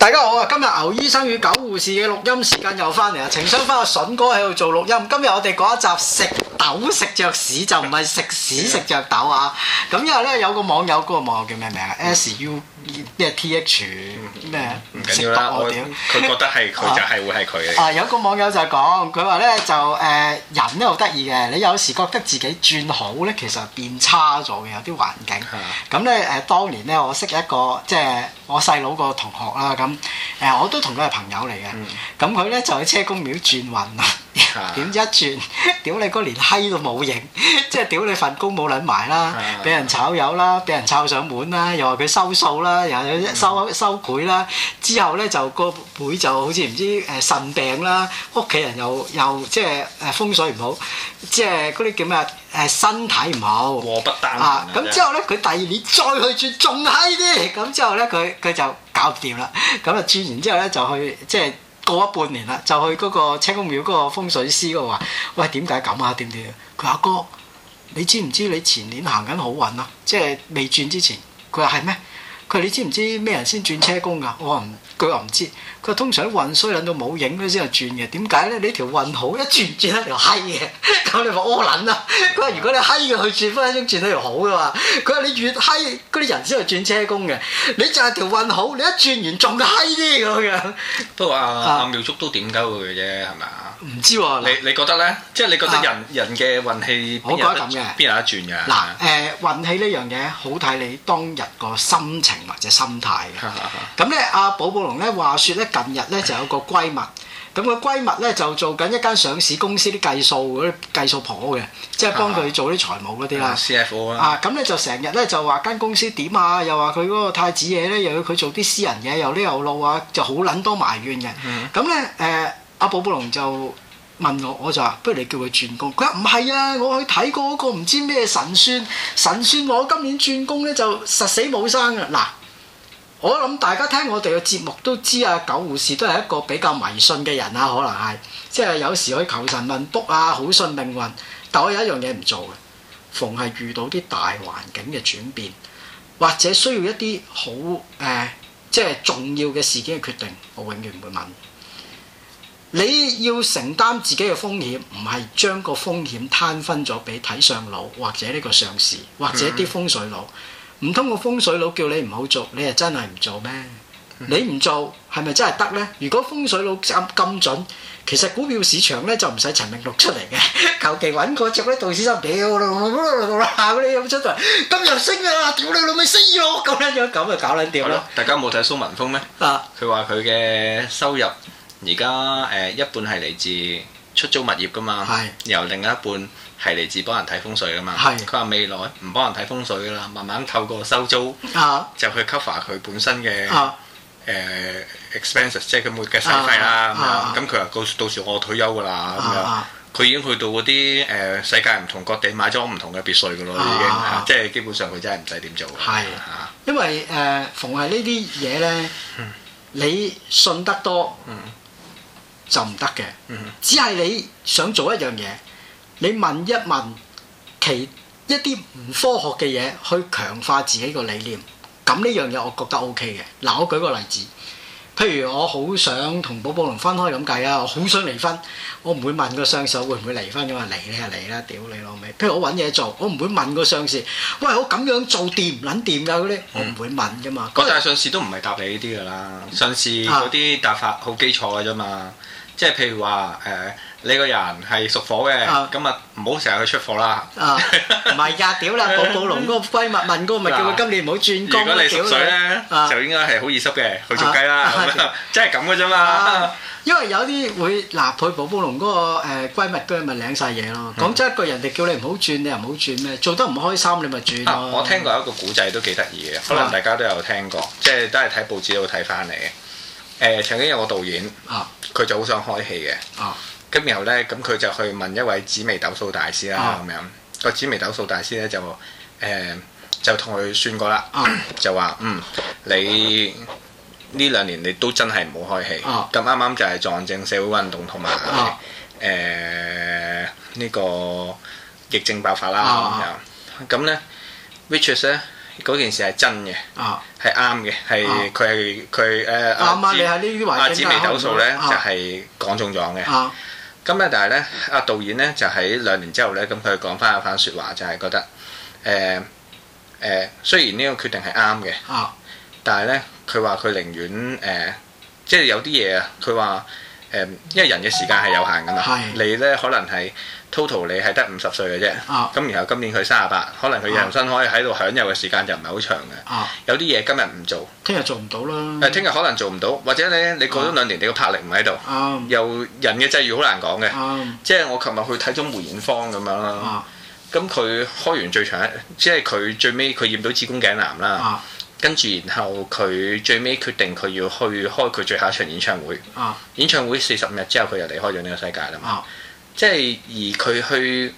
大家好啊！今日牛醫生與狗護士嘅錄音時間又翻嚟啊。情商翻個笋哥喺度做錄音。今日我哋講一集食豆食着屎，就唔係食屎食着豆啊！咁因為咧有個網友，嗰個網友叫咩名啊？S U 咩 T H 咩？佢 覺得係佢就係會係佢 啊，有個網友就講，佢話咧就誒、呃、人咧好得意嘅，你有時覺得自己轉好咧，其實變差咗嘅，有啲環境。咁咧誒，當年咧我識一個即係我細佬個同學啦，咁誒、呃、我都同佢係朋友嚟嘅。咁佢咧就喺車公廟轉運啊！ 點知一轉，屌你嗰連閪都冇影，即係屌你份工冇撚埋啦，俾 人炒魷啦，俾人抄上門啦，又話佢收數啦，又收收賄啦，之後咧就個賄就好似唔知誒腎病啦，屋企人又又即係誒風水唔好，即係嗰啲叫咩誒身體唔好，禍不單啊。咁之後咧佢第二年再去轉仲閪啲，咁之後咧佢佢就搞掂啦，咁啊轉完之後咧就去即係。即過咗半年啦，就去嗰個車公廟嗰個風水師度話：喂，點解咁啊？點點？佢阿哥，你知唔知你前年行緊好運啊？即係未轉之前，佢話係咩？佢話你知唔知咩人先轉車公噶？我話唔。佢話唔知，佢話通常運衰撚到冇影嗰先係轉嘅，點解咧？你條運好一轉轉，轉一條閪嘅，咁 你話屙撚啊。佢話 如果你閪嘅去轉翻一轉到條好嘅話，佢話你越閪嗰啲人先係轉車工嘅，你就係條運好，你一轉完仲閪啲咁樣。 不過阿阿妙叔都點解會嘅啫，係咪？唔知喎，你你覺得咧？即、就、係、是、你覺得人、啊、人嘅運氣我覺得噉嘅。邊有一轉嘅？嗱、啊，誒、呃、運氣呢樣嘢好睇你當日個心情或者心態嘅。咁咧，阿寶寶。咧話，説咧，近日咧就有個閨蜜，咁、嗰個閨蜜咧就做緊一間上市公司啲計數嗰啲計數婆嘅，即係幫佢做啲財務嗰啲、嗯、CFO 啦。啊，咁咧就成日咧就話間公司點啊，又話佢嗰個太子嘢咧，又要佢做啲私人嘢，又呢又路啊，就好撚多埋怨嘅。咁咧誒，阿寶寶龍就問我，我就話：不如你叫佢轉工。佢話唔係啊，我去睇過嗰個唔知咩神算，神算我今年轉工咧就實死冇生嘅嗱。我諗大家聽我哋嘅節目都知啊，九護士都係一個比較迷信嘅人啊，可能係即係有時去求神問卜啊，好信命運。但我有一樣嘢唔做嘅，逢係遇到啲大環境嘅轉變，或者需要一啲好誒即係重要嘅事件嘅決定，我永遠唔會問。你要承擔自己嘅風險，唔係將個風險攤分咗俾睇相佬，或者呢個相士，或者啲風水佬。嗯唔通個風水佬叫你唔好做，你係真係唔做咩？你唔做係咪真係得咧？如果風水佬咁咁準，其實股票市場咧就唔使陳明祿出嚟嘅，求其揾個著啲道士衫屌啦，嗰啲出嚟今日升啦，屌你老味升咗咁樣樣，咁就搞卵掂啦。大家冇睇蘇文峰咩？啊，佢話佢嘅收入而家誒一半係嚟自出租物業噶嘛，由另外一半，係嚟自幫人睇風水噶嘛？佢話的未來唔幫人睇風水噶啦，慢慢透過收租，uh huh. 就去 cover 佢本身嘅誒、uh huh. 呃、expenses 即係佢每個嘅開支啦咁，uh huh. 樣。咁佢話到到時我退休噶啦咁樣，佢已經去到嗰啲誒世界唔同各地買咗唔同嘅別墅噶咯，uh huh. 已經即係基本上佢真係唔使點做。係，uh，huh. 因為誒，逢，呃，係呢啲嘢咧，嗯，你信得多就唔得嘅。嗯，只係你想做一樣嘢，你問一問其一啲唔科學嘅嘢去強化自己個理念，咁呢樣嘢我覺得 O K 嘅。嗱，我舉個例子，譬如我好想同寶寶龍分開咁計啊，我好想離婚，我唔會問個相士會唔會離婚噶嘛？離你就離啦，屌你老味。譬如我揾嘢做，我唔會問個相士，喂，我咁樣做掂唔撚掂噶嗰啲，我唔會問噶嘛。嗰陣、嗯、以相士都唔係答你呢啲噶啦，相士嗰啲答法好基礎嘅啫嘛，即係譬如話誒。嗯你個人係屬火嘅，今日唔好成日去出火啦。唔係㗎，屌啦！寶寶龍嗰個閨蜜問嗰個咪叫佢今年唔好轉工。如果你濕水咧，就應該係好易濕嘅，去做雞啦。真係咁嘅啫嘛。因為有啲會嗱，佢寶寶龍嗰個誒閨蜜嘅咪領晒嘢咯。講真一句，人哋叫你唔好轉，你又唔好轉咩？做得唔開心，你咪轉。我聽過一個古仔都幾得意嘅，可能大家都有聽過，即係都係睇報紙會睇翻嚟嘅。誒，曾經有個導演，佢就好想開戲嘅。咁然後咧，咁佢就去問一位紫微斗數大師啦，係咪啊？個紫微斗數大師咧就誒就同佢算過啦，就話嗯，你呢兩年你都真係冇開戲，咁啱啱就係撞正社會運動同埋誒呢個疫症爆發啦，咁咧 Richard 咧嗰件事係真嘅，係啱嘅，係佢係佢誒。啱啱你紫紫微斗數咧就係講中咗嘅。咁咧、嗯，但係咧，阿、啊、導演咧就喺兩年之後咧，咁佢講翻一番説話，就係覺得誒誒、呃呃，雖然呢個決定係啱嘅，啊、但係咧，佢話佢寧願誒，即、呃、係、就是、有啲嘢、呃、啊，佢話誒，因為人嘅時間係有限㗎嘛，你咧可能係。total 你係得五十歲嘅啫，咁、啊、然後今年佢三十八，可能佢人生可以喺度享有嘅時間就唔係好長嘅。啊、有啲嘢今日唔做，聽日做唔到啦。誒，聽日可能做唔到，或者咧，你過咗兩年，你個魄力唔喺度。啊啊、又人嘅際遇好難講嘅，啊、即係我琴日去睇咗梅艷芳咁樣啦。咁佢、啊、開完最長即係佢最尾佢驗到子宮頸癌啦。跟住、啊、然後佢最尾決定佢要去開佢最後一場演唱會。啊、演唱會四十五日之後，佢又離開咗呢個世界啦嘛。啊啊即係而佢去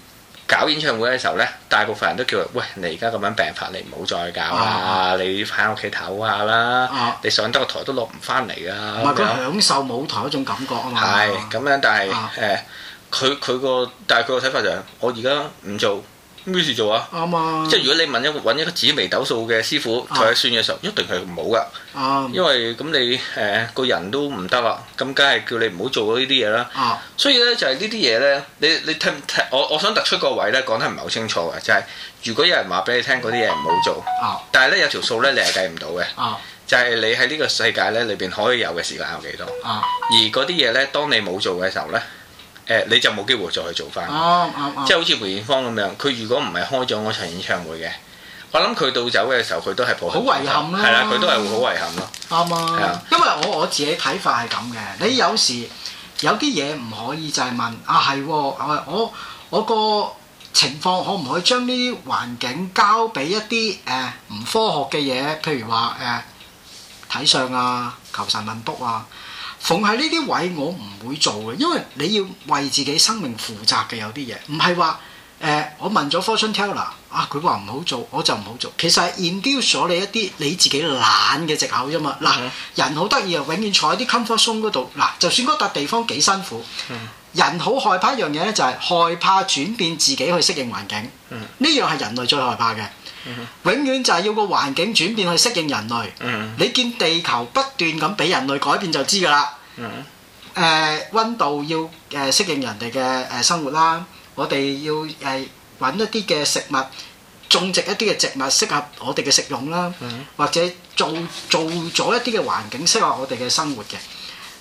搞演唱會嘅時候咧，大部分人都叫佢：喂，你而家咁樣病發，你唔好再搞啊！你返屋企唞下啦，啊、你上得個台都落唔翻嚟啊！唔係佢享受舞台一種感覺啊嘛。係咁樣，但係誒，佢佢、啊欸、個但係佢個睇法就係、是，我而家唔做。咩事做啊？啱啊、嗯！即係如果你問一揾一個紫微斗數嘅師傅睇下算嘅時候，啊、一定係唔好㗎。啊、因為咁你誒、呃、個人都唔得啦，咁梗係叫你唔好做呢啲嘢啦。啊、所以咧就係呢啲嘢咧，你你聽我我想突出個位咧，講得唔係好清楚嘅，就係、是、如果有人話俾你聽嗰啲嘢唔好做。啊、但係咧有條數咧，你係計唔到嘅。啊、就係你喺呢個世界咧裏邊可以有嘅時間有幾多？啊、而嗰啲嘢咧，當你冇做嘅時候咧。誒你就冇機會再去做翻，啊啊啊、即係好似梅艷芳咁樣，佢如果唔係開咗嗰場演唱會嘅，我諗佢到走嘅時候，佢都係好遺憾啦。係啦，佢都係會好遺憾咯。啱啊，的因為我我自己睇法係咁嘅，你有時有啲嘢唔可以就係問啊係，我我個情況可唔可以將呢啲環境交俾一啲誒唔科學嘅嘢，譬如話誒睇相啊、求神問卜啊。逢係呢啲位我唔會做嘅，因為你要為自己生命負責嘅有啲嘢，唔係話誒我問咗 fortune teller 啊，佢話唔好做，我就唔好做。其實係延銷咗你一啲你自己懶嘅藉口啫嘛。嗱，嗯、人好得意啊，永遠坐喺啲 comfort zone 嗰度。嗱，就算嗰笪地方幾辛苦，嗯、人好害怕一樣嘢咧，就係害怕轉變自己去適應環境。呢、嗯、樣係人類最害怕嘅。永遠就係要個環境轉變去適應人類， 你見地球不斷咁俾人類改變就知噶啦。誒，温、 呃、度要誒適、呃、應人哋嘅誒生活啦，我哋要誒搵、呃、一啲嘅食物，種植一啲嘅植物適合我哋嘅食用啦， 或者做做咗一啲嘅環境適合我哋嘅生活嘅。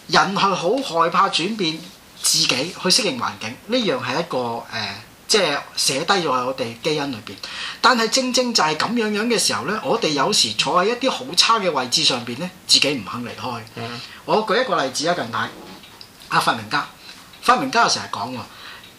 人係好害怕轉變自己去適應環境，呢樣係一個誒。呃即係寫低咗喺我哋基因裏邊，但係正正就係咁樣樣嘅時候咧，我哋有時坐喺一啲好差嘅位置上邊咧，自己唔肯離開。的我舉一個例子啊，近排阿發明家，發明家又成日講喎，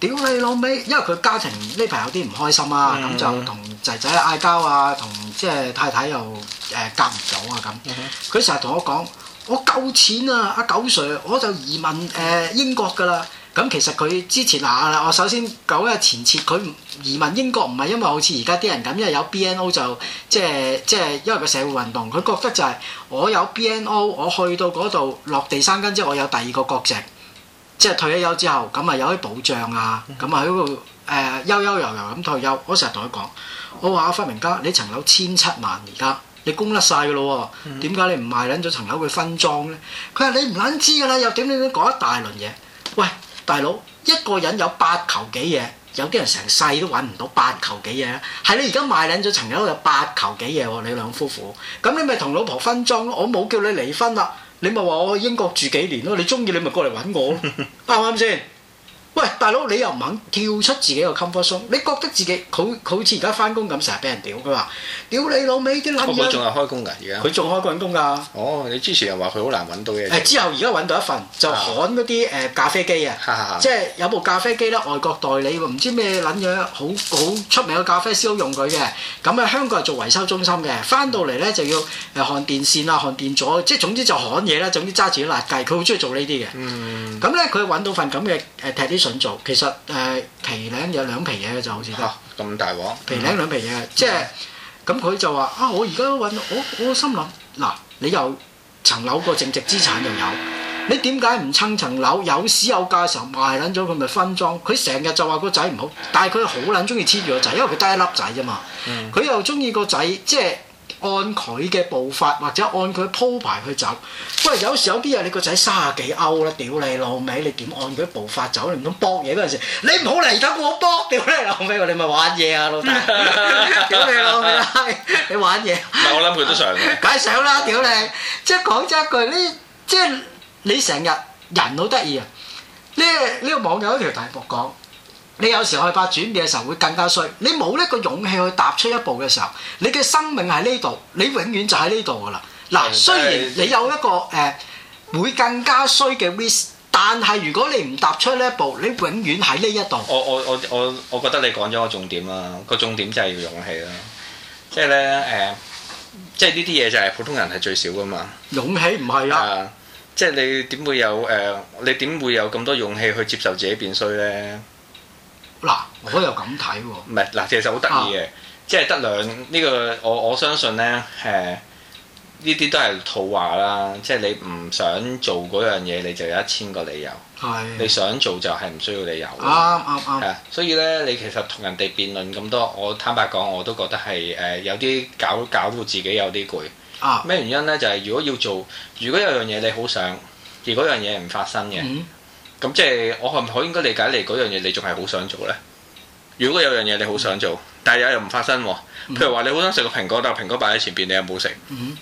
屌你老味，因為佢家庭呢排有啲唔開心啊，咁的就同仔仔嗌交啊，同即係太太又誒夾唔到啊咁。佢成日同我講，我夠錢啊，阿九 sir，我就移民誒、呃、英國㗎啦。咁其實佢之前嗱，我首先講一下前設，佢移民英國唔係因為好似而家啲人咁，因為有 BNO 就即係即係因為個社會運動，佢覺得就係我有 BNO，我去到嗰度落地生根之後，我有第二個國籍，即係退咗休之後，咁啊有啲保障啊，咁啊喺度誒悠悠悠遊咁退休。我成日同佢講，我話阿發明家，你層樓千七萬而家，你供甩晒㗎咯，點解、mm. 你唔賣撚咗層樓去分裝呢？佢話你唔撚知㗎啦，又點點點講一大輪嘢，喂！大佬，一個人有八球幾嘢，有啲人成世都揾唔到八球幾嘢。係你而家賣靚咗層樓有八球幾嘢喎，你兩夫婦，咁你咪同老婆分裝咯。我冇叫你離婚啦，你咪話我去英國住幾年咯。你中意你咪過嚟揾我咯，啱唔啱先？喂，大佬，你又唔肯跳出自己個 comfort zone？你覺得自己佢佢好似而家翻工咁，成日俾人屌佢話屌你老味啲撚嘢。佢仲係開工㗎，而家佢仲開緊工㗎。哦，你之前又話佢好難揾到嘢。之後而家揾到一份、啊、就焊嗰啲誒咖啡機啊，即係有部咖啡機咧，外國代理唔知咩撚樣，好好出名嘅咖啡師都用佢嘅。咁啊，香港係做維修中心嘅，翻到嚟咧就要誒焊電線啊、焊電阻，即係總之就焊嘢啦。總之揸住啲垃圾，佢好中意做呢啲嘅。嗯，咁咧佢揾到份咁嘅誒想做，其實誒、呃、皮領有兩皮嘢嘅就好似，嚇咁大鑊，皮領兩皮嘢，即係咁佢就話、是嗯、啊，我而家揾到我，我心諗嗱，你又層樓個淨值資產又有，你點解唔趁層樓有市有價嘅時候賣撚咗佢咪分裝？佢成日就話個仔唔好，但係佢好撚中意黐住個仔，因為佢得一粒仔啫嘛，佢、嗯、又中意個仔即係。就是按佢嘅步伐或者按佢鋪排去走，喂，有時候有啲嘢你個仔三十幾歐啦，屌你老味，你點按佢步伐走？你唔通博嘢嗰陣時，你唔好嚟等我博，屌你老味！你咪玩嘢啊，老大！ 屌你老味，你玩嘢。唔係我諗佢都上嘅，梗係上啦！屌你，即係講真一句呢，即係你成日、即係、人好得意啊！呢呢個網友一條題目講。你有時候去發展嘅時候會更加衰，你冇呢個勇氣去踏出一步嘅時候，你嘅生命喺呢度，你永遠就喺呢度噶啦。嗱、嗯，雖然你有一個誒、呃、會更加衰嘅 risk，但係如果你唔踏出呢一步，你永遠喺呢一度。我我我我我覺得你講咗個重點啦，個重點就係要勇氣啦，即係咧誒，即係呢啲嘢就係、是、普通人係最少噶嘛。勇氣唔係啊，即係、啊就是、你點會有誒、呃？你點會有咁多勇氣去接受自己變衰咧？嗱，我又咁睇喎。唔係，嗱，其實好得意嘅，啊、即係得兩呢、呢個，我我相信咧，誒、呃，呢啲都係套話啦。即係你唔想做嗰樣嘢，你就有一千個理由。係、啊。你想做就係唔需要理由。啱啱啱。係、啊，啊、所以咧，你其實同人哋辯論咁多，我坦白講，我都覺得係誒、呃、有啲搞搞到自己有啲攰。咩、啊、原因咧？就係、係、如果要做，如果有樣嘢你好想，而嗰樣嘢唔發生嘅。嗯咁即係我係唔係應該理解你嗰樣嘢，你仲係好想做咧？如果有樣嘢你好想做，嗯、但係又唔發生喎。譬如話你好想食個蘋果，但係蘋果擺喺前邊，你又冇食，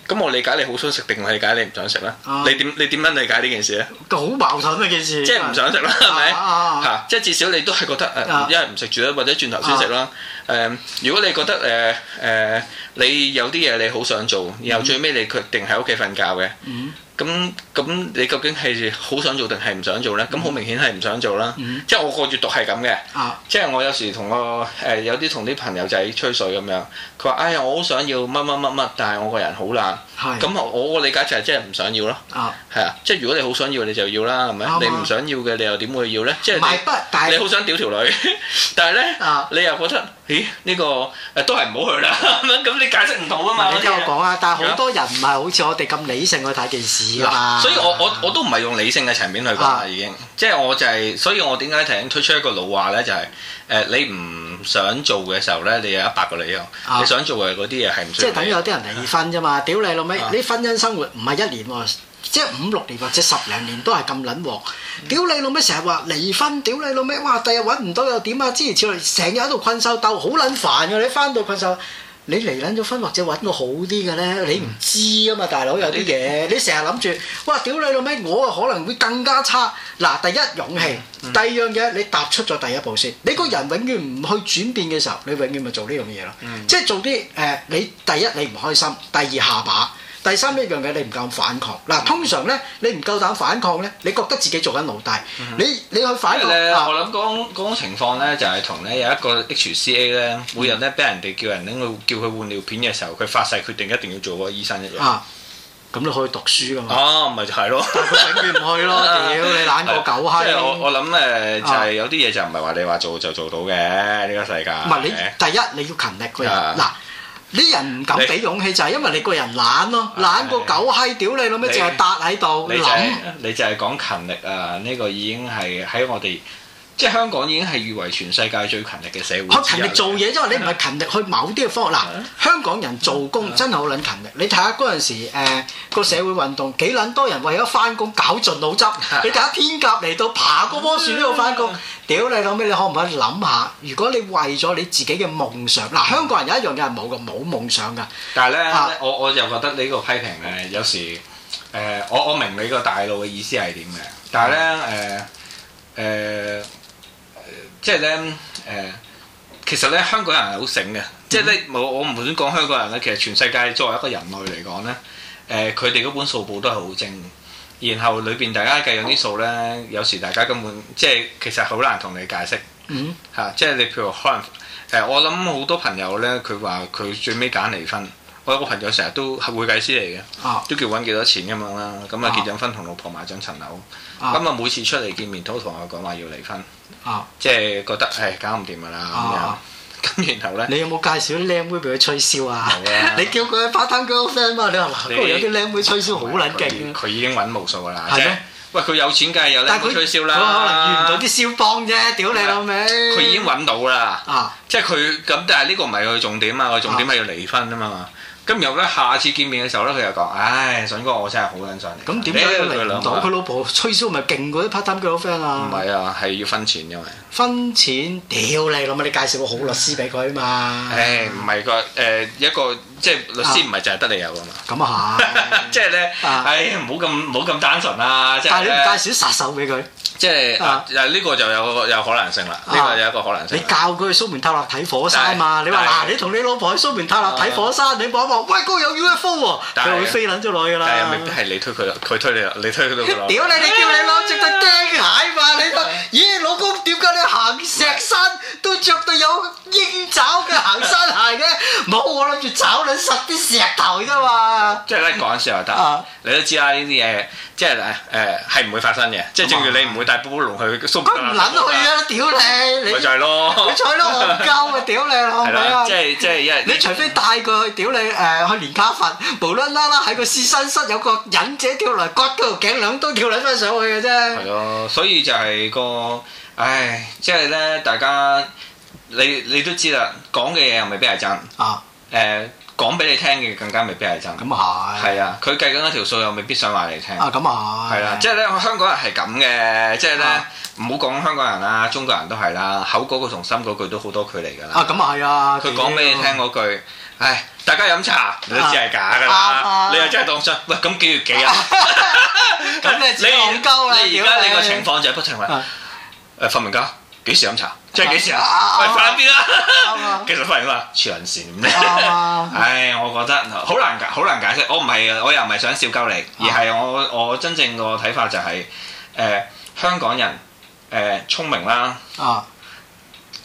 咁我理解你好想食，定係理解你唔想食呢？你點你點樣理解呢件事咧？好矛盾嘅件事。即係唔想食啦，係咪？嚇！即係至少你都係覺得誒，一係唔食住啦，或者轉頭先食啦。如果你覺得誒誒，你有啲嘢你好想做，然後最尾你決定喺屋企瞓覺嘅，咁咁你究竟係好想做定係唔想做呢？咁好明顯係唔想做啦。即係我個閲讀係咁嘅。即係我有時同個誒有啲同啲朋友仔吹水咁樣。佢話：哎呀，我好想要乜乜乜乜，但係我個人好懶。咁係我個理解就係即係唔想要咯。啊。啊嗎，即係如果你好想要，你就要啦，係咪？你唔想要嘅，你又點會要呢？即係、啊、你。好想屌條女，但係呢，啊、你又覺得，咦？呢、呢個都係唔好去啦。咁 你解釋唔到啊嘛。你聽我講啊，但係好多人唔係好似我哋咁理性去睇件事嗎，所以我我，我，我都唔係用理性嘅層面去講啦，啊、已經。即係我就係、是，所以我點解突然推出一個老話咧？就係、是、誒、呃，你唔想做嘅時候咧，你有一百個理由；啊、你想做嘅嗰啲嘢係唔需要。啊啊、即係等有啲人離婚啫嘛，屌你老味！你婚姻生活唔係一年喎，即係五六年或者十零年都係咁撚喎，屌、嗯嗯、你老味！成日話離婚，屌你老味！哇，第日揾唔到又點啊？諸如此類，成日喺度困獸鬥，好撚煩㗎！你翻到困獸。你離撚咗婚或者揾個好啲嘅呢？嗯、你唔知啊嘛，大佬有啲嘢、嗯、你成日諗住，哇！屌你老味，我啊可能會更加差。嗱，第一勇氣，嗯、第二樣嘢，你踏出咗第一步先。嗯、你個人永遠唔去轉變嘅時候，你永遠咪做呢樣嘢咯。嗯、即係做啲誒、呃，你第一你唔開心，第二下把。第三一樣嘅你唔夠反抗嗱，通常咧你唔夠膽反抗咧，你覺得自己做緊老大，嗯、哼你你去反抗咧。啊、我諗嗰嗰種情況咧，就係同咧有一個 HCA 咧，每日咧俾人哋叫人拎去叫佢換尿片嘅時候，佢發誓決定一定要做個醫生一樣。啊，咁你可以讀書噶嘛？哦、啊，唔咪就係、是、咯，整住唔去咯，屌、啊啊、你懶過狗閪！係我我諗誒，就係、係就係、有啲嘢就唔係話你話做就做到嘅呢、呢個世界。唔係你第一你要勤力嘅嗱。喇啲人唔敢俾勇氣就係你因為你個人懶咯，的懶過狗閪，屌你老咩，就係搭喺度諗。你就係講勤力啊，呢、呢個已經係喺我哋。即係香港已經係譽為全世界最勤力嘅社會，學勤力做嘢，因為 你唔係勤力去某啲嘅方向。嗱， 香港人做工真係好撚勤力。你睇下嗰陣時，誒、呃個社會運動幾撚多，多人為咗翻工搞盡腦汁。 你睇下天鴿嚟到爬嗰棵樹都要翻工。屌你老味，你可唔可以諗下？如果你為咗你自己嘅夢想，嗱、呃，香港人有一樣嘢係冇嘅，冇夢想㗎。但係咧、啊，我我就覺得你呢個批評咧，有時誒、呃，我我明你個大陸嘅意思係點嘅，但係咧誒誒。呃呃呃呃即係咧，誒、呃，其實咧，香港人係好醒嘅。即係咧，我我唔想講香港人啦。其實全世界作為一個人類嚟講咧，誒、呃，佢哋嗰本數簿都係好精。然後裏邊大家計咗啲數咧，嗯、有時大家根本即係、就是、其實好難同你解釋吓。即係、嗯啊就是、你譬如可能誒、呃，我諗好多朋友咧，佢話佢最尾揀離婚。我有個朋友成日都係會計師嚟嘅，都叫揾幾多錢咁樣啦。咁啊結咗婚同老婆買咗層樓，咁啊每次出嚟見面都同我講話要離婚，即係覺得誒，搞唔掂噶啦咁樣。咁然後咧，你有冇介紹啲靚妹俾佢吹簫啊？你叫佢 partner 佢 friend 嘛？你話嗱，佢有啲靚妹吹簫好撚勁，佢已經揾無數噶啦，喂，佢有錢梗係有靚妹吹簫啦。佢可能遇唔到啲蕭邦啫，屌你老味。佢已經揾到啦，即係佢咁。但係呢個唔係佢重點啊，佢重點係要離婚啊嘛。咁然後咧，下次見面嘅時候咧，佢又講，唉，俊哥，我真係好欣賞你。咁點解佢嚟到？佢老婆吹簫咪勁過啲 part time girl friend 啊？唔係啊，係要分錢因為。分錢？屌你老母，你介紹個好律師俾佢啊嘛！誒 哎，唔係佢，誒、呃、一個。即係律師唔係就係得你有㗎嘛？咁啊嚇！即係咧，唉，唔好咁唔好咁單純啦！即係你唔介紹殺手俾佢，即係啊呢個就有個有可能性啦。呢個有一個可能性。你教佢去蘇門答臘睇火山啊嘛？你話嗱，你同你老婆去蘇門答臘睇火山，你望一望，喂，嗰個有 UFO 喎？佢會飛撚咗落去㗎啦。但係未必係你推佢，佢推你，你推佢都唔屌你！你叫你攞著對釘鞋嘛？你咦，老公？你行石山都着到有鷹爪嘅行山鞋嘅，冇，我諗住炒你塞啲石頭啫嘛。即係講笑又得，你都知啦呢啲嘢，即係誒誒係唔會發生嘅，即係正如你唔會帶波波龍去佢唔諗去啊！屌你，咪就係咯，咪就係咯，我唔夠咪屌你咯，係咪啊？即係即係，一你除非帶佢去屌你誒，去連卡佛，無啦啦喺個試身室有個忍者跳嚟割到條頸兩刀，跳捻翻上去嘅啫。係咯，所以就係個。唉，即係咧，大家你你都知啦，講嘅嘢又未必係真。啊，誒講俾你聽嘅更加未必係真。咁啊係。係啊，佢計緊嗰條數又未必想話你聽。啊，咁啊係。係啦，即係咧，香港人係咁嘅，即係咧，唔好講香港人啦，中國人都係啦，口嗰句同心嗰句都好多距離噶啦。咁啊係啊。佢講俾你聽嗰句，唉，大家飲茶你都知係假噶啦，你又真係當真？喂，咁幾月幾啊？咁你自憨鳩啦你，而家你個情況就係不停啦。誒發明家幾時飲茶？即係幾時啊？咪快啲啦！啊？啊啊 其實發喺邊啊？慈雲寺。唉、 哎，我覺得好難解，好難解釋。我唔係，我又唔係想笑鳩你，啊、而係我我真正個睇法就係誒香港人誒聰明啦。啊，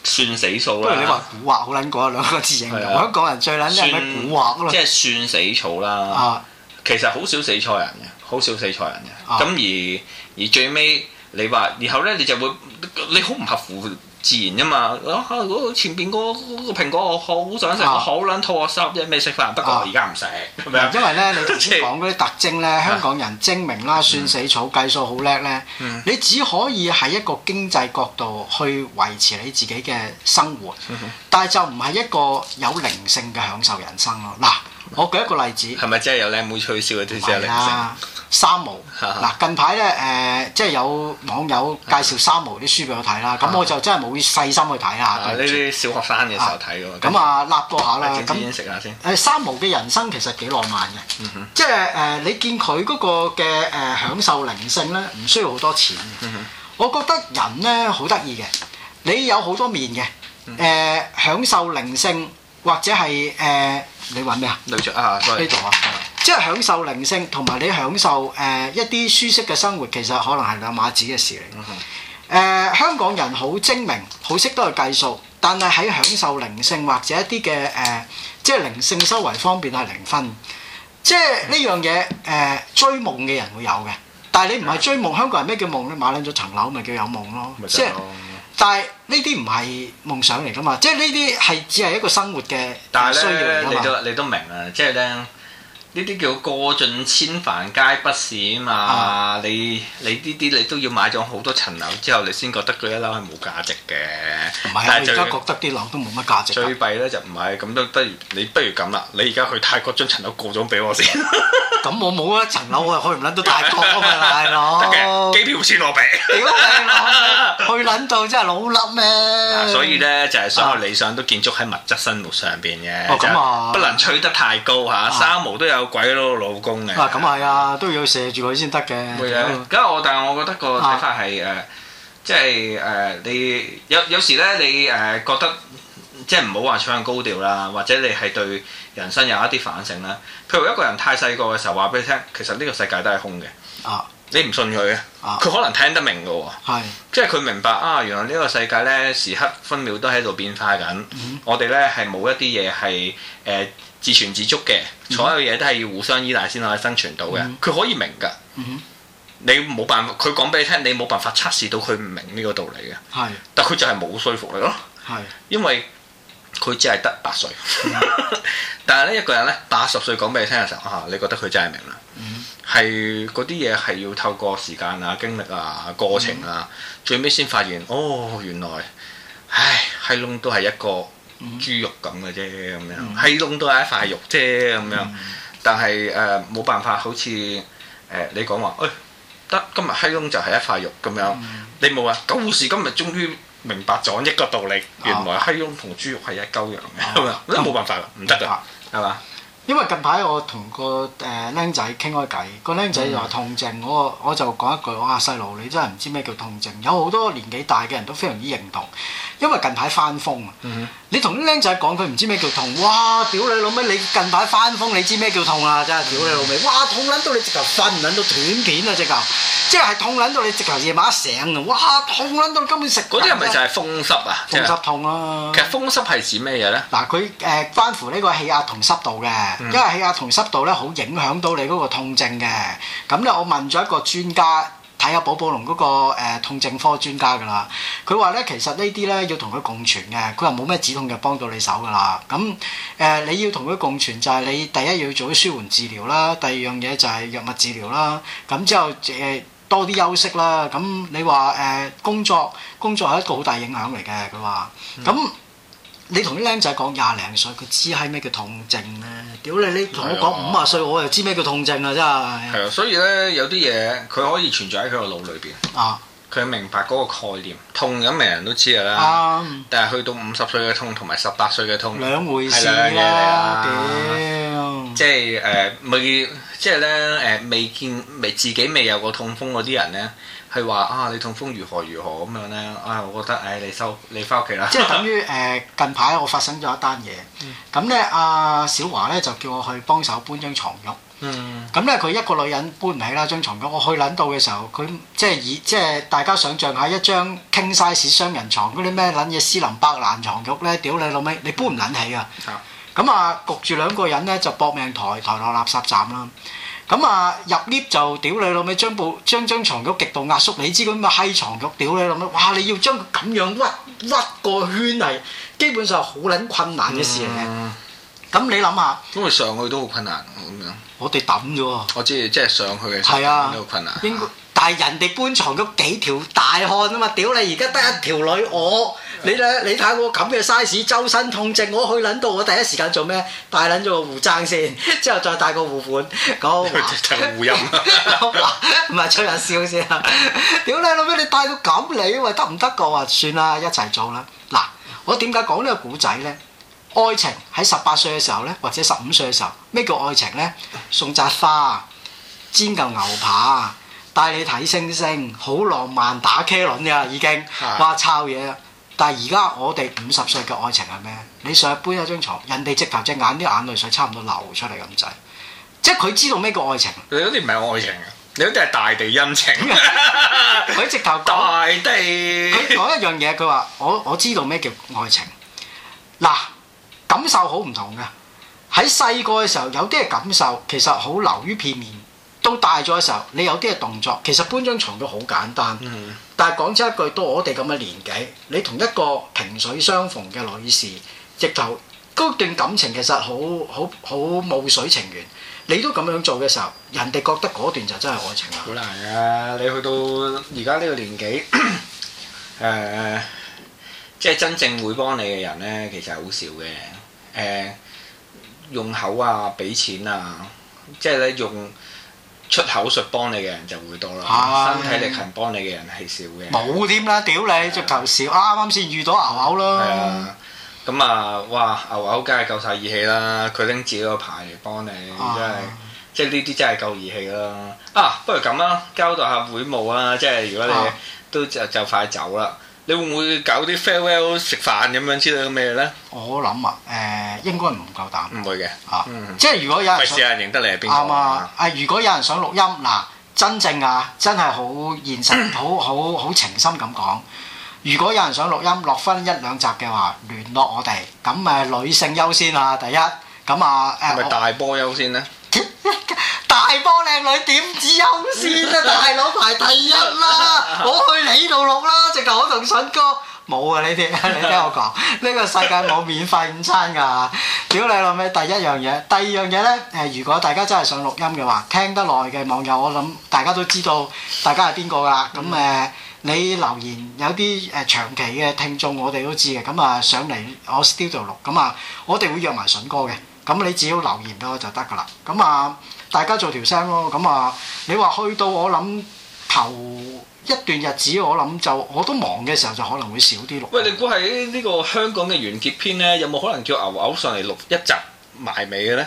算死數啦！你話古惑好撚過兩個字型咁。香港人最撚即係古惑咯？即、呃、係、啊、算死草啦、啊！啊，其實好少死錯人嘅，好少死錯人嘅。咁而而最尾，你話，然後咧，你就會你好唔合乎自然嘛，啊，嘛前邊個個蘋果，我，想、啊、我好想食，好撚肚餓，我十日未食飯，不過我而家唔食，啊、是是因為咧你頭先講嗰啲特徵咧，香港人精明啦，算死草計數好叻咧，你只可以喺一個經濟角度去維持你自己嘅生活，但係就唔係一個有靈性嘅享受人生咯嗱。我舉一個例子，係咪真係有靚妹吹簫嗰啲先係靈性？三毛嗱，近排咧誒，即係有網友介紹三毛啲書俾我睇啦，咁我就真係冇細心去睇啊。呢啲小學生嘅時候睇嘅嘛，咁啊，立過下啦。咁啊，食下先。誒，三毛嘅人生其實幾浪漫嘅，即係誒，你見佢嗰個嘅誒享受靈性咧，唔需要好多錢。我覺得人咧好得意嘅，你有好多面嘅，誒享受靈性。或者係誒、呃，你揾咩啊？旅著啊，呢度啊， 即係享受靈性，同埋你享受誒一啲舒適嘅生活，其實可能係兩碼子嘅事嚟。誒、嗯哼 呃，香港人好精明，好識得去計數，但係喺享受靈性或者一啲嘅誒，即係靈性收穫方面係零分。即係呢樣嘢誒，追夢嘅人會有嘅，但係你唔係追夢。香港人咩叫夢咧？你買撚咗層樓，咪、就、叫、是、有夢咯。 但係呢啲唔係夢想嚟㗎嘛，即係呢啲係只係一個生活嘅但呢需要你你都，你都明啊即係。就是呢呢啲叫過盡千帆皆不是啊嘛！嗯、你你呢啲你都要買咗好多層樓之後，你先覺得佢一樓係冇價值嘅。唔係大家覺得啲樓都冇乜價值、啊。最弊咧就唔係咁都不如你不如咁啦！你而家去泰國將層樓過咗俾我先。咁 我冇一層樓，我去唔撚到泰國啊嘛，大佬。 得嘅。機票錢我俾。屌你老母！去撚到真係老笠咩、啊？所以咧就係所有理想都建築喺物質生活上邊嘅、啊哦，啊，不能吹得太高嚇、啊。三毛都有。鬼佬老公嘅，啊咁係啊，都要射住佢先得嘅。咁我的、嗯、但係我覺得個睇法係誒，即係誒你有有時咧，你誒覺得即係唔好話唱高調啦，或者你係對人生有一啲反省啦。譬如一個人太細個嘅時候話俾你聽，其實呢個世界都係空嘅。啊，你唔信佢啊？佢可能聽得明㗎喎。即係佢明白啊，原來呢個世界咧，時刻分秒都喺度變化緊。我哋咧係冇一啲嘢係誒。嗯自存自足嘅，所有嘢都係要互相依賴先可以生存到嘅。佢可以明㗎，你冇辦法，佢講俾你聽，你冇辦法測試到佢唔明呢個道理嘅。係，但佢就係冇說服力咯。係，因為佢只係得八歲，但係呢一個人呢，八十歲講俾你聽嘅時候，嚇你覺得佢真係明啦。係，嗰啲嘢係要透過時間啊、經歷啊、過程啊，最尾先發現，哦，原來唉，閪窿都係一個。嗯、豬肉咁嘅啫，咁樣閪窿、嗯、都係一塊肉啫，咁樣。嗯、但係誒冇辦法，好似誒、呃、你講話，誒、哎、得今日閪窿就係一塊肉咁樣。嗯、你冇話、啊，九時今日終於明白咗一個道理，原來閪窿同豬肉係一鳩樣。嘅、嗯，咁啊冇辦法啦，唔得噶，係嘛白？吧因為近排我同個誒僆仔傾開偈，個僆仔又話痛症，我我就講一句，我哇細路，你真係唔知咩叫痛症，有好多年紀大嘅人都非常之認同。因為近排翻風啊！嗯、哼你同啲僆仔講，佢唔知咩叫痛。哇！屌你老味，你近排翻風，你知咩叫痛啦、啊？真係屌你老味、嗯啊！哇，痛捻到你直頭瞓，捻到斷片啊！直頭，即係痛捻到你直頭夜晚一醒啊！哇，痛捻到你根本食。嗰啲係咪就係風濕啊？風濕痛啊！其實風濕係指咩嘢咧？嗱，佢、呃、誒關乎呢個氣壓同濕度嘅，嗯、因為氣壓同濕度咧好影響到你嗰個痛症嘅。咁咧，我問咗一個專家。睇下寶寶龍嗰、個、呃、痛症科專家㗎啦，佢話咧其實呢啲咧要同佢共存嘅，佢話冇咩止痛藥幫到你手㗎啦。咁誒、呃、你要同佢共存就係你第一要做啲舒緩治療啦，第二樣嘢就係藥物治療啦。咁之後誒、呃、多啲休息啦。咁你話誒、呃、工作工作係一個好大影響嚟嘅，佢話咁。嗯你同啲僆仔講廿零歲，佢知係咩叫痛症咩？屌你！你同我講五啊歲，的我又知咩叫痛症啦、啊！真係。係啊，所以咧有啲嘢佢可以存在喺佢個腦裏邊。啊！佢明白嗰個概念，痛咁人人都知、啊、啦。但係去到五十歲嘅痛同埋十八歲嘅痛，兩回事咯。屌、啊呃！即係誒、呃呃、未，即係咧誒未見未自己未有過痛風嗰啲人咧。佢話啊，你痛風如何如何咁樣咧？啊，我覺得誒，你收你翻屋企啦。即係等於誒，近排我發生咗一單嘢。咁咧，阿小華咧就叫我去幫手搬張床褥。咁咧，佢一個女人搬唔起啦張床褥。我去撚到嘅時候，佢即係以即係大家想像下，一張 king size 雙人床嗰啲咩撚嘢斯林百蘭床褥咧，屌你老味，你搬唔撚起㗎。咁啊，焗住兩個人咧就搏命抬抬落垃圾站啦。咁啊入 lift 就屌你老味，將部將張床褥極度壓縮，你知咁啊閪床褥屌你老味，哇，你要將佢咁樣屈屈個圈嚟，基本上好撚困難嘅事嚟嘅。咁、嗯、你諗下，因為上去都好困難咁樣，我哋揼咗。我知即係上去係，係啊，都好困難。應該，但係人哋搬床褥幾條大漢啊嘛，屌你而家得一條女我。你咧，你睇我咁嘅 size，周身痛症，我去撚到，我第一時間做咩？帶撚咗個護踭先，之後再帶個護腕講護陰。唔係 吹下笑先，屌你老味， 你帶到咁你喂得唔得個？話、啊、算啦，一齊做啦。嗱，我點解講呢個古仔咧？愛情喺十八歲嘅時候咧，或者十五歲嘅時候，咩叫愛情咧？送扎花，煎嚿牛扒，帶你睇星星，好浪漫，打茄輪噶已經，哇！抄嘢。但係而家我哋五十歲嘅愛情係咩？你上去搬一張床，人哋直頭隻眼啲眼淚水差唔多流出嚟咁滯，即係佢知道咩叫愛情？你嗰啲唔係愛情啊！嗯、你嗰啲係大地恩情啊！佢 直頭大地，佢講一樣嘢，佢話我我知道咩叫愛情。嗱，感受好唔同嘅，喺細個嘅時候有啲嘅感受，其實好流於片面。都大咗嘅時候，你有啲嘅動作其實搬張床都好簡單，嗯、但係講真一句，到我哋咁嘅年紀，你同一個萍水相逢嘅女士，直頭嗰段感情其實好好好露水情緣，你都咁樣做嘅時候，人哋覺得嗰段就真係愛情啦。好難嘅、啊，你去到而家呢個年紀，誒、呃，即係真正會幫你嘅人呢，其實好少嘅。誒、呃，用口啊，俾錢啊，即係你用。出口術幫你嘅人就會多啦，啊、身體力行幫你嘅人係少嘅。冇添啦，屌你！直頭少，啱啱先遇到牛牛咯。係啊，咁啊，哇！牛牛梗係夠晒義氣啦，佢拎自己個牌嚟幫你，啊、真係，即係呢啲真係夠義氣啦。啊，不如咁啦，交代下會務啦，即係如果你都、啊、就就快走啦。你會唔會搞啲 farewell 食飯咁樣之類嘅咩咧？我諗啊，誒、呃、應該唔夠膽。唔會嘅嚇，啊嗯、即係如果有人想，試下認得你係邊個啱啊！啊，如果有人想錄音，嗱、啊，真正啊，真係好現實，好好好情深咁講。如果有人想錄音，落分一兩集嘅話，聯絡我哋。咁誒，女性優先啊，第一。咁啊，誒、啊，係咪大波優先咧？大波靚女點止優先啊！大佬排第一啦，我去你度錄啦，直頭我同筍哥冇啊！呢啲你聽我講，呢個世界冇免費午餐㗎嚇。屌你老味，第一樣嘢，第二樣嘢咧誒，如果大家真係想錄音嘅話，聽得耐嘅網友，我諗大家都知道，大家係邊個㗎啦？咁誒，你留言有啲誒長期嘅聽眾，我哋都知嘅，咁啊上嚟我 studio 度錄，咁啊我哋會約埋筍哥嘅，咁你只要留言咯就得㗎啦，咁啊。大家做條聲咯，咁啊，你話去到我諗頭一段日子，我諗就我都忙嘅時候就可能會少啲錄。喂，你估喺呢個香港嘅完結篇呢，有冇可能叫牛牛上嚟錄一集埋尾嘅呢？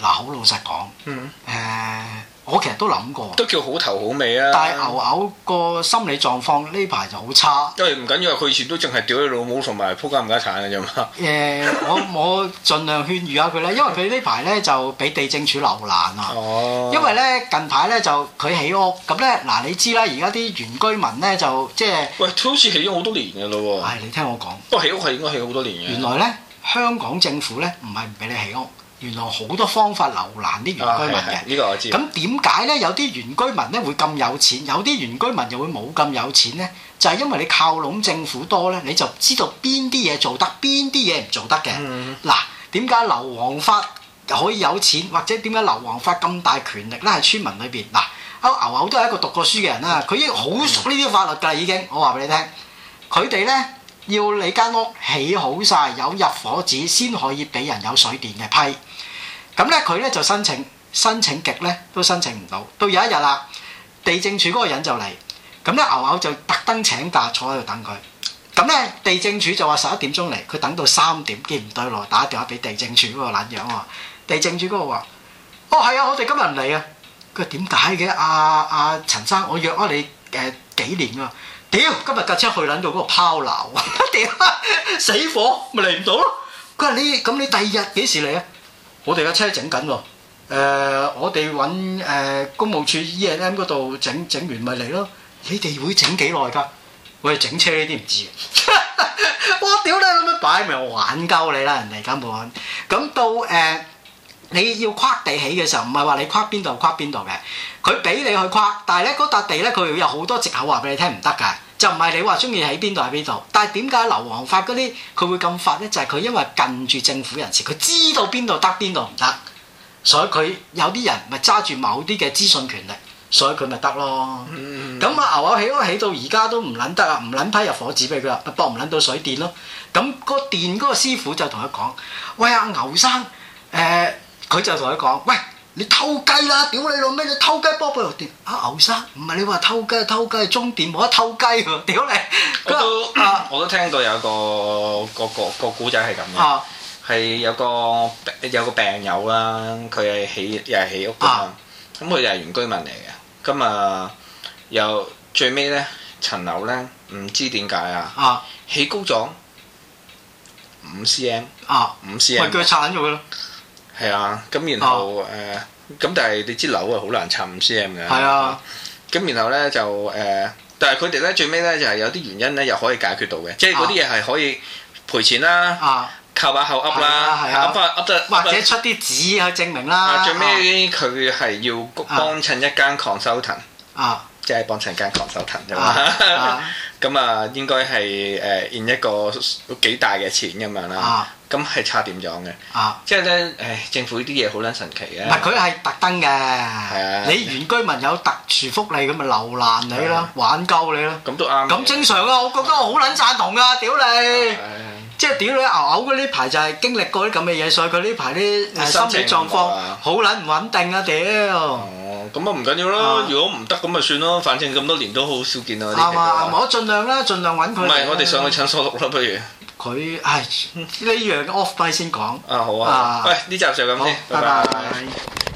嗱，好老實講，嗯，誒、呃。我其實都諗過，都叫好頭好尾啊！但係牛牛個心理狀況呢排就好差。因為唔緊要，佢以前都淨係屌你老母同埋撲街冚家鏟嘅啫嘛。誒、呃，我我盡量勸喻下佢啦， 因為佢呢排咧就俾地政署留難啊。哦，因為咧近排咧就佢起屋，咁咧嗱你知啦，而家啲原居民咧就即係喂，佢好似起咗好多年嘅嘞喎。係、哎、你聽我講，不過起屋係應該起好多年嘅。原來咧，香港政府咧唔係唔俾你起屋。原來好多方法留難啲原居民嘅，咁點解咧？有啲原居民咧會咁有錢，有啲原居民又會冇咁有，有錢咧，就係、是、因為你靠攏政府多咧，你就知道邊啲嘢做得，邊啲嘢唔做得嘅。嗱、嗯，點解劉皇發可以有錢，或者點解劉皇發咁大權力咧？喺村民裏邊嗱，阿牛牛都係一個讀過書嘅人啦，佢已經好熟呢啲法律㗎。已經我話俾你聽，佢哋咧要你間屋起好晒，有入伙紙先可以俾人有水電嘅批。咁咧佢咧就申請申請極咧都申請唔到，到有一日啦，地政署嗰個人就嚟，咁咧牛牛就特登請假坐喺度等佢。咁咧地政署就話十一點鐘嚟，佢等到三點，見唔對路，打電話俾地政署嗰個撚樣喎。地政署嗰個話：，哦係啊，我哋今日唔嚟啊。佢話點解嘅？阿阿、啊啊、陳生，我約咗你誒、呃、幾年啊。屌、呃，今日架車去撚到嗰個拋錨，屌 死火，咪嚟唔到咯。佢話 你咁你，你第二日幾時嚟啊？我哋嘅車整緊喎，我哋揾誒公務處 E&M 嗰度整，整完咪嚟咯。你哋會整幾耐㗎？我哋整車呢啲唔知嘅。我 屌你咁樣擺明玩鳩你啦！人哋根本咁到誒、呃，你要跨地起嘅時候，唔係話你跨邊度跨邊度嘅。佢俾你去跨，但係咧嗰笪地咧，佢會有好多藉口話俾你聽唔得㗎。就唔係你話中意喺邊度喺邊度，但係點解劉黃發嗰啲佢會咁發呢？就係、是、佢因為近住政府人士，佢知道邊度得邊度唔得，所以佢有啲人咪揸住某啲嘅資訊權力，所以佢咪得咯。咁阿牛啊起都起到而家都唔撚得啊，唔撚批入火紙俾佢啦，搏唔撚到水電咯。咁、嗯那個電嗰個師傅就同佢講：喂，阿牛生，誒佢就同佢講：喂。你偷雞啦！屌你老咩，你偷雞波波入電啊！牛生，唔係你話偷雞偷雞，中電冇得偷雞㗎！屌你！我都啊，我都聽到有個個個個古仔係咁嘅，係有個有個病友啦，佢係起又係起屋㗎嘛，咁佢又係原居民嚟嘅，咁啊又最尾咧層樓咧唔知點解啊，起高咗五 cm 啊，五 cm，腳撐咗佢咯。係啊，咁然後誒，咁、oh. 呃、但係你知樓係好難插五 C M 嘅。係啊、oh.，咁然後咧就誒、呃，但係佢哋咧最尾咧就係有啲原因咧又可以解決到嘅，即係嗰啲嘢係可以賠錢啦，oh. 靠下後噏靠把口噏啦，噏下噏得或者出啲紙去證明啦、啊。最尾佢係要幫襯一間抗修騰，即係幫襯間抗修騰啫嘛。咁、呃、啊，應該係誒現一個幾大嘅錢咁樣啦，咁係差點咗嘅，啊、即係咧誒，政府呢啲嘢好撚神奇嘅。唔係佢係特登嘅，啊、你原居民有特殊福利，咁咪留難你啦，玩鳩、啊、你啦。咁都啱。咁正常啊，我覺得我好撚贊同啊。屌你，啊啊、即係屌你牛牛嗰啲排就係經歷過啲咁嘅嘢，所以佢呢排啲心理狀況好撚唔穩定啊屌！咁啊唔緊要啦，啊、如果唔得咁咪算咯，反正咁多年都好少見啊啲。啱啊，啊就是、我盡量啦，盡量揾佢。唔係，我哋上去診所錄啦，不如。佢唉呢樣、嗯、off by 先講。啊好啊，喂呢、啊啊、集就咁先，好拜拜。拜拜。